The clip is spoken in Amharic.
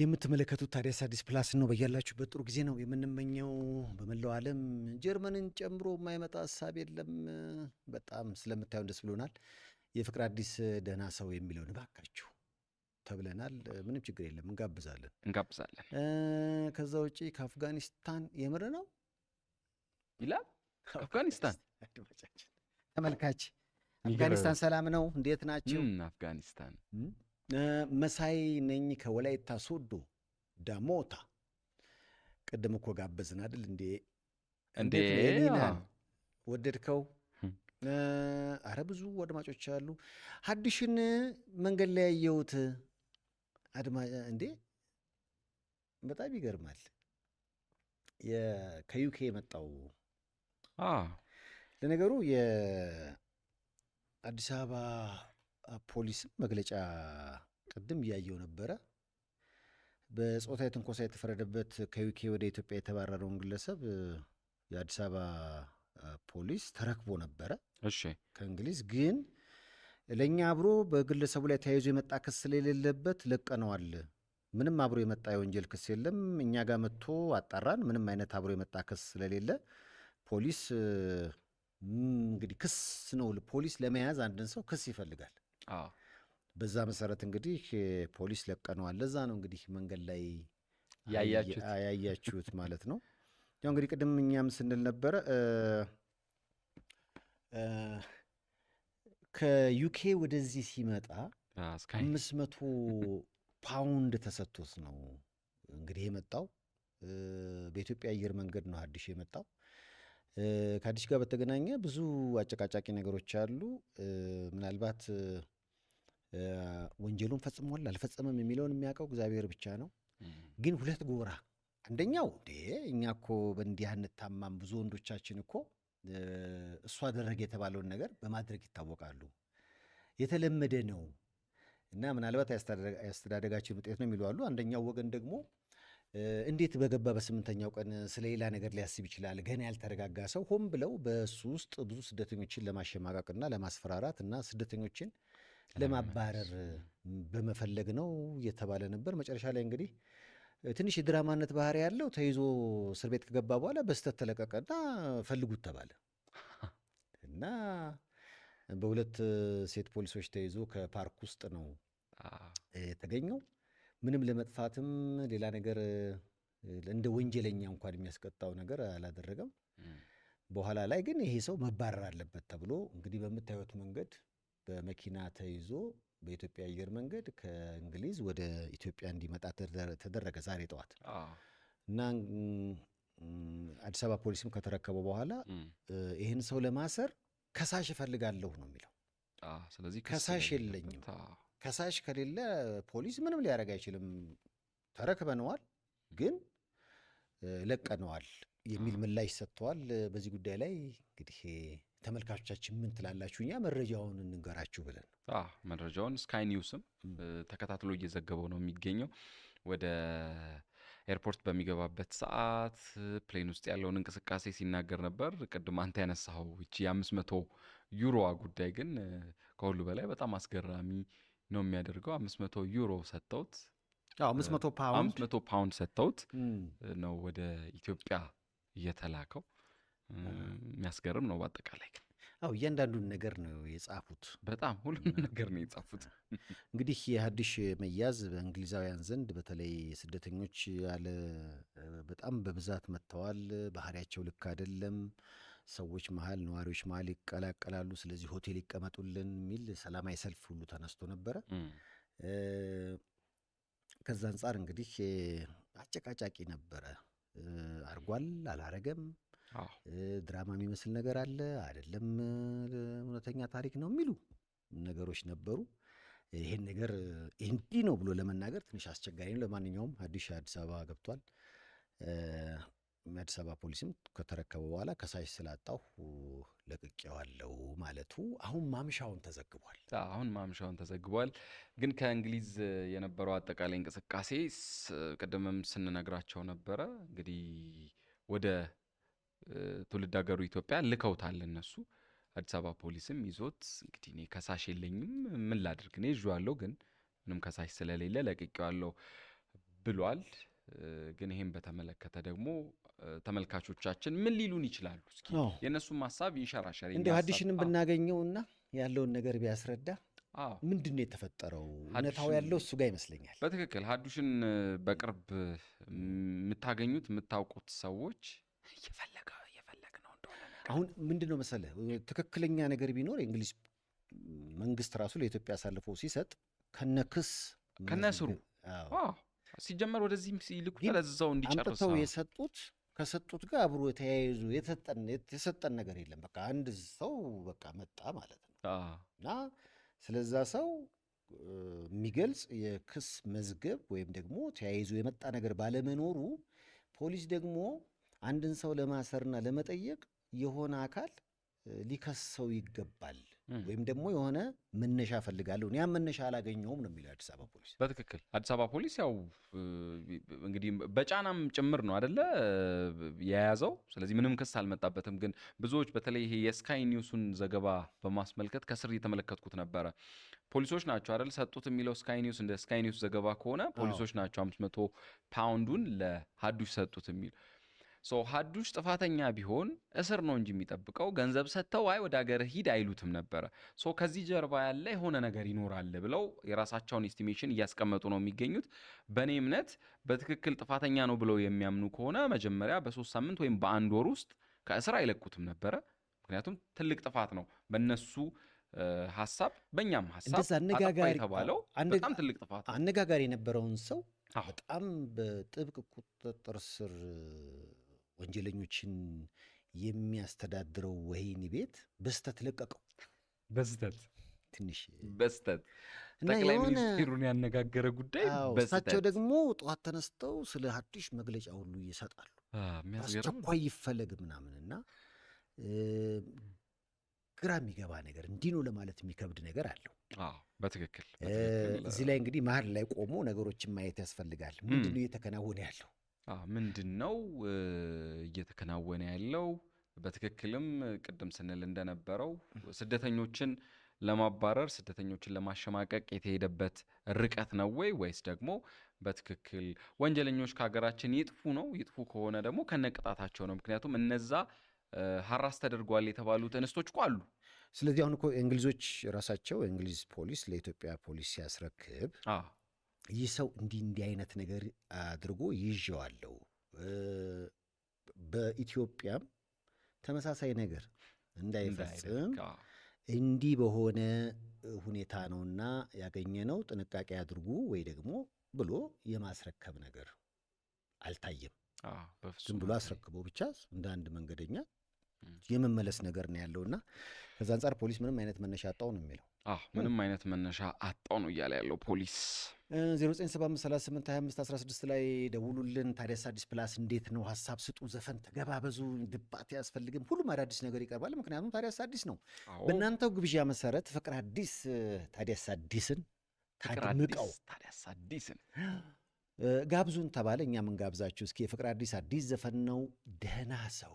የምትመለከቱት ታዲያስ አዲስ ፕላስ ነው። በያላችሁበት ጥሩ ጊዜ ነው የምንመኘው። በመላው ዓለም ጀርመንን ጨምሮ የማይመጣ ሀሳብ የለም። በጣም ስለምታዩን ደስ ብሎናል። የፍቅር አዲስ ደህና ሰው የሚለውን እባካችሁ ተብለናል። ምንም ችግር የለም፣ እንጋብዛለን እንጋብዛለን። ከዛ ውጪ ከአፍጋኒስታን የምር ነው ይላል አፍጋኒስታን ተመልካች አፍጋኒስታን ሰላም ነው። እንዴት ናቸው አፍጋኒስታን መሳይ ነኝ ከወላይታ ሶዶ ዳሞታ። ቅድም እኮ ጋበዝን አይደል እንዴ? እንዴት ወደድከው? አረ ብዙ አድማጮች አሉ። ሀዲሽን መንገድ ላይ ያየሁት አድማ እንዴ፣ በጣም ይገርማል። ከዩኬ የመጣው ለነገሩ የአዲስ አበባ ፖሊስም መግለጫ ቅድም እያየው ነበረ። በጾታዊ ትንኮሳ የተፈረደበት ከዩኬ ወደ ኢትዮጵያ የተባረረውን ግለሰብ የአዲስ አበባ ፖሊስ ተረክቦ ነበረ። እሺ ከእንግሊዝ ግን ለእኛ አብሮ በግለሰቡ ላይ ተያይዞ የመጣ ክስ ስለሌለበት ለቀነዋል። ምንም አብሮ የመጣ የወንጀል ክስ የለም። እኛ ጋር መጥቶ አጣራን። ምንም አይነት አብሮ የመጣ ክስ ስለሌለ ፖሊስ እንግዲህ ክስ ነው። ፖሊስ ለመያዝ አንድን ሰው ክስ ይፈልጋል። በዛ መሰረት እንግዲህ ፖሊስ ለቀነዋል። ለዛ ነው እንግዲህ መንገድ ላይ ያያችሁት ማለት ነው። ያው እንግዲህ ቅድም እኛም ስንል ነበረ ከዩኬ ወደዚህ ሲመጣ አምስት መቶ ፓውንድ ተሰጥቶት ነው እንግዲህ የመጣው። በኢትዮጵያ አየር መንገድ ነው አዲሽ የመጣው። ከአዲሽ ጋር በተገናኘ ብዙ አጨቃጫቂ ነገሮች አሉ ምናልባት ወንጀሉን ፈጽሟል አልፈጸመም የሚለውን የሚያውቀው እግዚአብሔር ብቻ ነው። ግን ሁለት ጎራ፣ አንደኛው እኛ እኮ በእንዲህ እንታማም፣ ብዙ ወንዶቻችን እኮ እሱ አደረገ የተባለውን ነገር በማድረግ ይታወቃሉ፣ የተለመደ ነው እና ምናልባት ያስተዳደጋችን ውጤት ነው የሚሉ አሉ። አንደኛው ወገን ደግሞ እንዴት በገባ በስምንተኛው ቀን ስለሌላ ነገር ሊያስብ ይችላል? ገና ያልተረጋጋ ሰው ሆን ብለው በእሱ ውስጥ ብዙ ስደተኞችን ለማሸማቀቅና ለማስፈራራት እና ስደተኞችን ለማባረር በመፈለግ ነው እየተባለ ነበር። መጨረሻ ላይ እንግዲህ ትንሽ የድራማነት ባህሪ ያለው ተይዞ እስር ቤት ከገባ በኋላ በስተት ተለቀቀና ፈልጉት ተባለ እና በሁለት ሴት ፖሊሶች ተይዞ ከፓርክ ውስጥ ነው የተገኘው። ምንም ለመጥፋትም ሌላ ነገር እንደ ወንጀለኛ እንኳን የሚያስቀጣው ነገር አላደረገም። በኋላ ላይ ግን ይሄ ሰው መባረር አለበት ተብሎ እንግዲህ በምታዩት መንገድ በመኪና ተይዞ በኢትዮጵያ አየር መንገድ ከእንግሊዝ ወደ ኢትዮጵያ እንዲመጣ ተደረገ ዛሬ ጠዋት እና አዲስ አበባ ፖሊስም ከተረከበ በኋላ ይህን ሰው ለማሰር ከሳሽ እፈልጋለሁ ነው የሚለው። ስለዚህ ከሳሽ የለኝም። ከሳሽ ከሌለ ፖሊስ ምንም ሊያደርግ አይችልም። ተረክበነዋል፣ ግን ለቀነዋል የሚል ምላሽ ሰጥተዋል። በዚህ ጉዳይ ላይ እንግዲህ ተመልካቾቻችን ምን ትላላችሁ? እኛ መረጃውን እንንገራችሁ ብለን መረጃውን ስካይ ኒውስም ተከታትሎ እየዘገበው ነው የሚገኘው። ወደ ኤርፖርት በሚገባበት ሰዓት ፕሌን ውስጥ ያለውን እንቅስቃሴ ሲናገር ነበር። ቅድም አንተ ያነሳኸው ይቺ የአምስት መቶ ዩሮዋ ጉዳይ ግን ከሁሉ በላይ በጣም አስገራሚ ነው የሚያደርገው። አምስት መቶ ዩሮ ሰጥተውት አምስት መቶ ፓውንድ ሰጥተውት ነው ወደ ኢትዮጵያ እየተላከው የሚያስገርም ነው። በአጠቃላይ ግን አው እያንዳንዱን ነገር ነው የጻፉት። በጣም ሁሉም ነገር ነው የጻፉት። እንግዲህ የሀዲሽ መያዝ በእንግሊዛውያን ዘንድ በተለይ ስደተኞች ያለ በጣም በብዛት መጥተዋል፣ ባህሪያቸው ልክ አይደለም፣ ሰዎች መሀል ነዋሪዎች መሀል ይቀላቀላሉ፣ ስለዚህ ሆቴል ይቀመጡልን የሚል ሰላማዊ ሰልፍ ሁሉ ተነስቶ ነበረ። ከዛ አንጻር እንግዲህ አጨቃጫቂ ነበረ። አርጓል አላረገም ድራማ የሚመስል ነገር አለ አይደለም፣ እውነተኛ ታሪክ ነው የሚሉ ነገሮች ነበሩ። ይሄን ነገር እንዲህ ነው ብሎ ለመናገር ትንሽ አስቸጋሪ ነው። ለማንኛውም አዲስ አዲስ አበባ ገብቷል። አዲስ አበባ ፖሊስም ከተረከበ በኋላ ከሳሽ ስላጣሁ ለቅቄዋለሁ ማለቱ አሁን ማምሻውን ተዘግቧል። አሁን ማምሻውን ተዘግቧል። ግን ከእንግሊዝ የነበረው አጠቃላይ እንቅስቃሴ ቅድምም ስንነግራቸው ነበረ እንግዲህ ወደ ትውልድ ሀገሩ ኢትዮጵያ ልከውታል እነሱ አዲስ አበባ ፖሊስም ይዞት እንግዲህ እኔ ከሳሽ የለኝም ምን ላድርግ እኔ ይዤዋለሁ ግን ምንም ከሳሽ ስለሌለ ለቅቄዋለሁ ብሏል ግን ይሄን በተመለከተ ደግሞ ተመልካቾቻችን ምን ሊሉን ይችላሉ እስኪ የእነሱም ሀሳብ ይንሸራሸር እንዲ ብናገኘው ብናገኘውና ያለውን ነገር ቢያስረዳ ምንድን ነው የተፈጠረው? እውነታው ያለው እሱ ጋር ይመስለኛል። በትክክል ሀዱሽን በቅርብ የምታገኙት የምታውቁት ሰዎች እየፈለጋችሁ አሁን ምንድን ነው መሰለ ትክክለኛ ነገር ቢኖር የእንግሊዝ መንግስት ራሱ ለኢትዮጵያ አሳልፎ ሲሰጥ ከነ ክስ ስሩ ሲጀመር ወደዚህም ሲልኩ እዛው እንዲጨርሰው የሰጡት ከሰጡት ጋር አብሮ የተያይዙ የተሰጠን ነገር የለም። በቃ አንድ ሰው በቃ መጣ ማለት ነው እና ስለዛ ሰው የሚገልጽ የክስ መዝገብ ወይም ደግሞ ተያይዞ የመጣ ነገር ባለመኖሩ ፖሊስ ደግሞ አንድን ሰው ለማሰርና ለመጠየቅ የሆነ አካል ሊከሰው ይገባል ወይም ደግሞ የሆነ መነሻ ፈልጋለሁ ያ መነሻ አላገኘውም ነው የሚለው አዲስ አበባ ፖሊስ። በትክክል አዲስ አበባ ፖሊስ ያው እንግዲህ በጫናም ጭምር ነው አደለ የያዘው። ስለዚህ ምንም ክስ አልመጣበትም። ግን ብዙዎች በተለይ ይሄ የስካይ ኒውሱን ዘገባ በማስመልከት ከስር እየተመለከትኩት ነበረ። ፖሊሶች ናቸው አደል ሰጡት የሚለው ስካይ ኒውስ፣ እንደ ስካይ ኒውስ ዘገባ ከሆነ ፖሊሶች ናቸው አምስት መቶ ፓውንዱን ለሀዱሽ ሰጡት የሚል ሀዱሽ ጥፋተኛ ቢሆን እስር ነው እንጂ የሚጠብቀው ገንዘብ ሰጥተው አይ ወደ ሀገር ሂድ አይሉትም ነበረ። ከዚህ ጀርባ ያለ የሆነ ነገር ይኖራል ብለው የራሳቸውን ኤስቲሜሽን እያስቀመጡ ነው የሚገኙት። በእኔ እምነት በትክክል ጥፋተኛ ነው ብለው የሚያምኑ ከሆነ መጀመሪያ በሶስት ሳምንት ወይም በአንድ ወር ውስጥ ከእስር አይለቁትም ነበረ። ምክንያቱም ትልቅ ጥፋት ነው በእነሱ ሀሳብ በእኛም ሀሳብ የተባለው በጣም ትልቅ ጥፋት አነጋጋሪ የነበረውን ሰው በጣም በጥብቅ ቁጥጥር ስር ወንጀለኞችን የሚያስተዳድረው ወህኒ ቤት በስተት ለቀቀው። በስተት ትንሽ በስተት ጠቅላይ ሚኒስትሩን ያነጋገረ ጉዳይ። እሳቸው ደግሞ ጠዋት ተነስተው ስለ ሀዲሽ መግለጫ ሁሉ ይሰጣሉ። አስቸኳይ ይፈለግ ምናምንና ግራ የሚገባ ነገር እንዲህ ነው ለማለት የሚከብድ ነገር አለው። በትክክል እዚህ ላይ እንግዲህ መሀል ላይ ቆሞ ነገሮችን ማየት ያስፈልጋል። ምንድን ነው እየተከናወነ ያለው? ምንድን ነው እየተከናወነ ያለው? በትክክልም ቅድም ስንል እንደነበረው ስደተኞችን ለማባረር ስደተኞችን ለማሸማቀቅ የተሄደበት ርቀት ነው ወይ ወይስ ደግሞ በትክክል ወንጀለኞች ከሀገራችን ይጥፉ ነው? ይጥፉ ከሆነ ደግሞ ከነቅጣታቸው ነው። ምክንያቱም እነዛ ሀራስ ተደርጓል የተባሉት እንስቶች እኮ አሉ። ስለዚህ አሁን እኮ እንግሊዞች ራሳቸው እንግሊዝ ፖሊስ ለኢትዮጵያ ፖሊስ ሲያስረክብ ይህ ሰው እንዲህ እንዲህ አይነት ነገር አድርጎ ይዤዋለሁ። በኢትዮጵያም ተመሳሳይ ነገር እንዳይፈጽም እንዲህ በሆነ ሁኔታ ነውና ያገኘነው ጥንቃቄ አድርጉ ወይ ደግሞ ብሎ የማስረከብ ነገር አልታየም። ዝም ብሎ አስረክቦ ብቻ እንደ አንድ መንገደኛ የመመለስ ነገር ነው ያለውና ከዛ አንጻር ፖሊስ ምንም አይነት መነሻ አጣው ነው የሚለው። ምንም አይነት መነሻ አጣው ነው እያለ ያለው ፖሊስ 0975382516 ላይ ደውሉልን። ታዲያስ አዲስ ፕላስ እንዴት ነው? ሀሳብ ስጡ፣ ዘፈን ተገባበዙ። ድባት አያስፈልግም። ሁሉም አዳዲስ ነገር ይቀርባል። ምክንያቱም ታዲያስ አዲስ ነው። በእናንተው ግብዣ መሰረት ፍቅር አዲስ ታዲያስ አዲስን ታድምቀው ታዲያስ አዲስን ጋብዙን ተባለ። እኛ ምን ጋብዛችሁ? እስኪ የፍቅር አዲስ አዲስ ዘፈን ነው። ደህና ሰው